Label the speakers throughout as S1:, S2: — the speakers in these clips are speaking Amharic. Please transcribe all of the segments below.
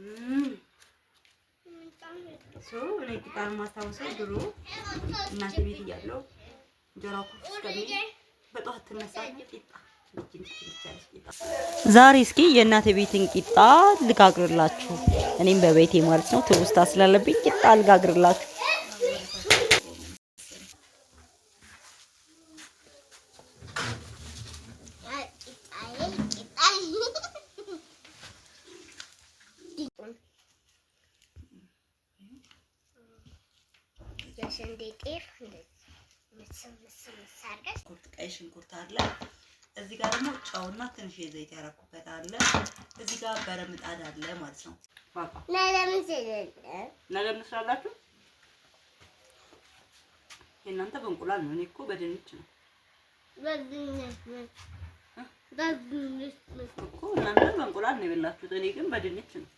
S1: እኔ ቂጣር ማስታወሰው ድሮ እናቴ ቤት እያለሁ እንጀራ በጠዋት ትነሳለች ቂጣ ዛሬ እስኪ የእናቴ ቤትን ቂጣ ልጋግርላችሁ። እኔም በቤቴ ማለት ነው ትውስታ ስላለብኝ ቂጣ ልጋግርላችሁ። የስንዴ ጤፍ ሽንኩርት፣ ቀይ ሽንኩርት አለ። እዚህ ጋር ደግሞ ጨውና ትንሽ ዘይት ያረኩበት አለ። እዚህ ጋር በረምጣድ አለ ማለት ነው። ነገ ምን ስላላችሁ የእናንተ በእንቁላል ነው። እኔ እኮ በድንች ነው እኮ እናንተ በእንቁላል ነው የበላችሁት፣ እኔ ግን በድንች ነው።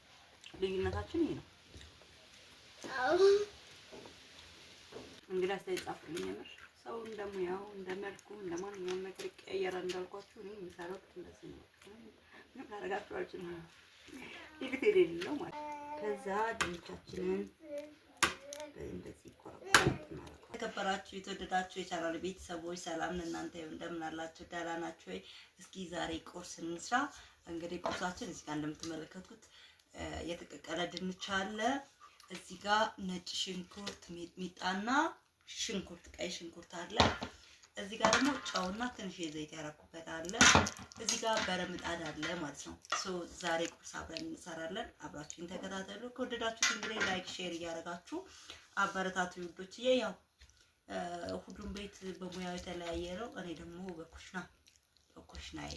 S1: ልዩነታችን ይሄ ነው። እንግዳ ሳይጻፍልኝ የምር ሰው እንደሙያው እንደመልኩ እንደማንኛውም ነገር ይቀየራል። እንዳልኳችሁ እኔ የምሰራው እንደዚህ ነው። ምንም ላደርጋችሁ አልችልም። ይልት የሌለው ማለት ከዛ ድንቻችንን እንደዚህ የተከበራችሁ የተወደዳችሁ የቻናል ቤተሰቦች ሰላም ለእናንተ ይሁን። እንደምን አላችሁ? ደህና ናችሁ ወይ? እስኪ ዛሬ ቁርስ እንስራ። እንግዲህ ቁርሳችን እዚህ ጋር እንደምትመለከቱት የተቀቀለ ድንች አለ እዚህ ጋር ነጭ ሽንኩርት ሚጥሚጣና ሽንኩርት ቀይ ሽንኩርት አለ። እዚህ ጋር ደግሞ ጨውና ትንሽ የዘይት ያረኩበት አለ። እዚህ ጋር በረምጣድ አለ ማለት ነው። ሶ ዛሬ ቁርስ አብረን እንሰራለን። አብራችሁን ተከታተሉ። ከወደዳችሁት እንግዲህ ላይክ፣ ሼር እያደረጋችሁ አበረታቱ ውዶችዬ። ያው ሁሉም ቤት በሙያው የተለያየ ነው። እኔ ደግሞ በኩሽና በኩሽናዬ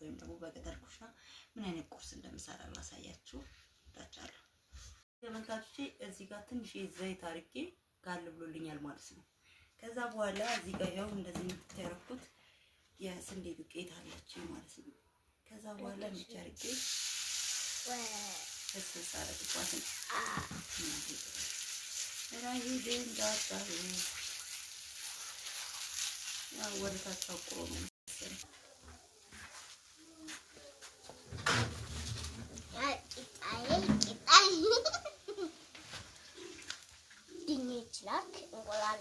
S1: ወይም ደግሞ በገጠር ኩሽና ምን አይነት ቁርስ እንደምሰራ ላሳያችሁ እዳቻለሁ። ተመልካቾቼ እዚህ ጋር ትንሽ ዘይት አድርጌ ጋል ብሎልኛል ማለት ነው። ከዛ በኋላ እዚህ ጋር ያው እንደዚህ የምትተረኩት የስንዴ ዱቄት አለች ማለት ነው። ከዛ በኋላ ብቻ አድርጌ እስስ አረግባት ነው ራሂድ እንዳጣሩ ወደታች አቁሮ ነው
S2: ድኝ ይችላል እንቁላል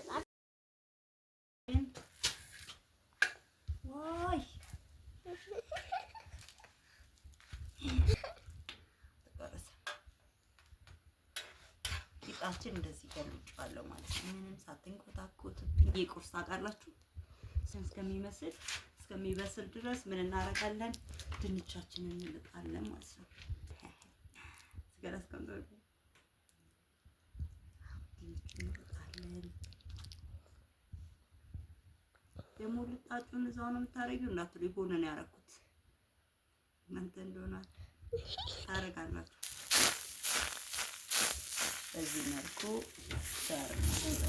S1: ቂጣችን እንደዚህ ገልጬዋለሁ ማለት ነው። ምንም ሳትንኮታኮትብኝ የቁርስ አውቃላችሁ እስከሚመስል እስከሚበስል ድረስ ምን እናደርጋለን? ድንቻችንን እንልጣለን ማለት ነው። ደግሞ ልጣጩን እዛው ነው የምታረጊው እንዳትሉ፣ የሆነ ነው ያደረኩት። እናንተ እንደሆነ ታረጋላችሁ። በዚህ መልኩ ዳር ነው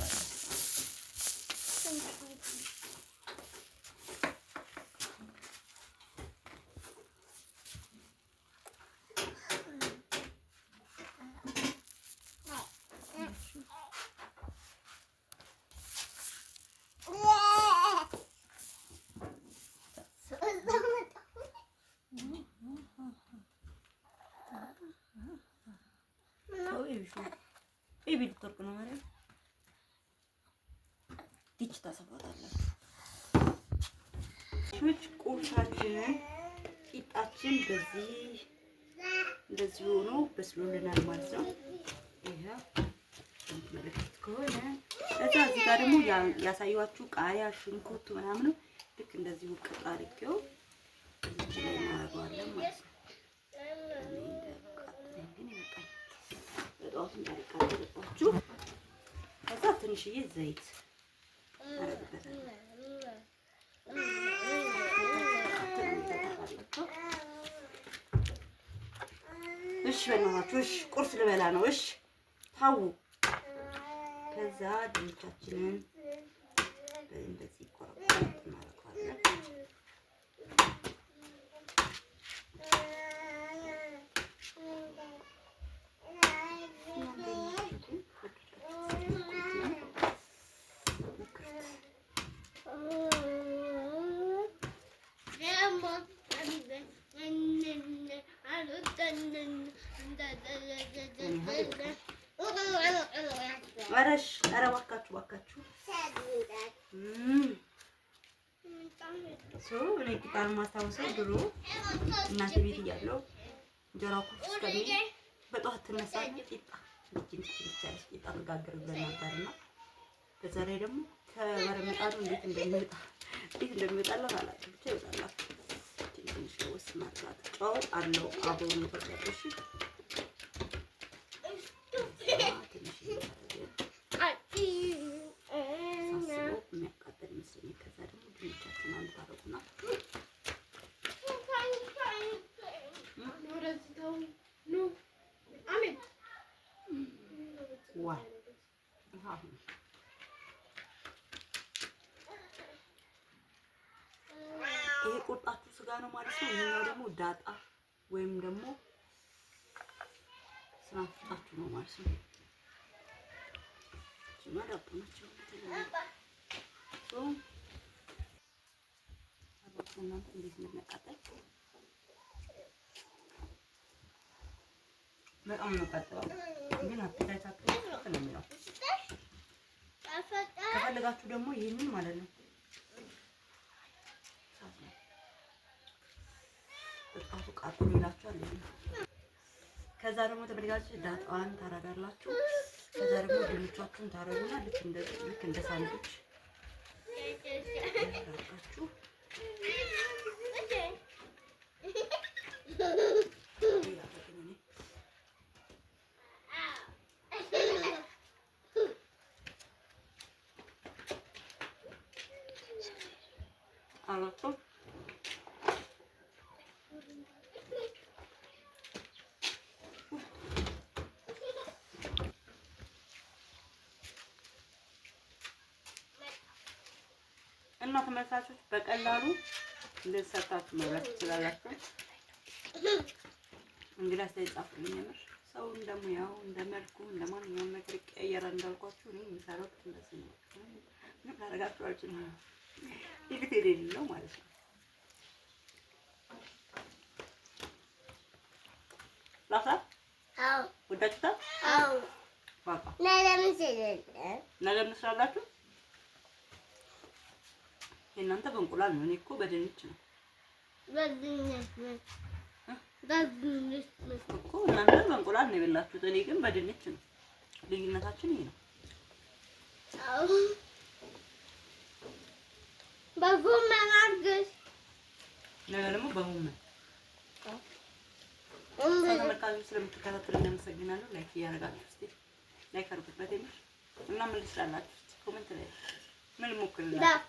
S1: ነው አይደል? ይቺ ታሰፋታላችሁ። ሹች ቁርሳችንን ቂጣችን በዚህ እንደዚህ ሆኖ በስሎልናል ማለት ነው። ይሄው መለከት ከሆነ እዛ እዚህ ጋር ደግሞ ያሳየኋችሁ ቃሪያ፣ ሽንኩርት ምናምን ልክ እንደዚህ ውቅጥ አድርጌው እናደርገዋለን ማለት ነው። በጠዋቱ እንዳይቃጠልባችሁ። ከዛ ትንሽዬ ዘይት እሺ በእናታችሁ፣ እሺ ቁርስ ልበላ ነው። እሺ ታው ከዛ ድንቻችንን በዚህ ቆረቆ እናደርገዋለን። ረሽ ኧረ እባካችሁ እባካችሁ እኔ ቁጣን የማስታውሰው ድሮ እናቴ ቤት እያለሁ እንጀራ ኩፍ እስከሚል በጠዋት ትነሳለች ቂጣ ልጅ ትችላለች ቂጣ ትጋግር ነበር እና በዛ ላይ ደግሞ እንዴት እንደሚወጣ እንዴት እንደሚወጣለ አላውቅም ብቻ ይወጣላል። ትንሽ ለውስ ማድረግ ጨው አለው አብሮ ነው ተጠቅሽ ይሄ ቁርጣችሁ ስጋ ነው ማለት ነው። ይሄኛው ደግሞ ዳጣ ወይም ደግሞ ስናፍጣችሁ ነው ማለት ነው። እዚህማ ናቸው እናንተ እንዴት እንደሚያቃጠል በጣም ነው ቀጥለው ግን ነው የሚለው ከፈለጋችሁ ደግሞ ይህንን ማለት ነው ብርቃቱ ቃቁሉ ይላችኋል። ከዛ ደግሞ ተመልጋችሁ ዳጣዋን ታረጋላችሁ። ከዛ ደግሞ ድንቻችሁን ታረጉና ልክ እንደ ልክ እንደ ሳንዱች ታረጋችሁ። እና ተመልካቾች በቀላሉ እንደሰርታችሁ መብላት ትችላላችሁ። እንግዲህ አስተያየት ጻፉልኝ። የምር ሰው እንደሙ ያው እንደመልኩ እንደማንኛውም ነገር ይቀየራል እንዳልኳችሁ እኔ የምሰራው እንደዚህ ነው። ምን ታደርጋችሁ አልችልም። ይግት የሌለው ማለት ነው። ላሳ አዎ ወዳችሁታ አዎ
S2: ባባ ነገ ምን ትሄዳለህ?
S1: ነገ ምን ትሰራላችሁ? የእናንተ በእንቁላል ነው። እኔ እኮ በድንች ነው እኮ እናንተ በእንቁላል ነው የበላችሁት፣ እኔ ግን በድንች ነው። ልዩነታችን ይሄ ነው።
S2: በጎመን አድርገሽ
S1: ነገ ደግሞ በጎመን ስለምትከታተሉ ላይክ እያደረጋችሁ እስኪ ላይክ አድርጉበት። የምር እና ምን ልስራላችሁ? ላይ ምን ልሞክርላችሁ?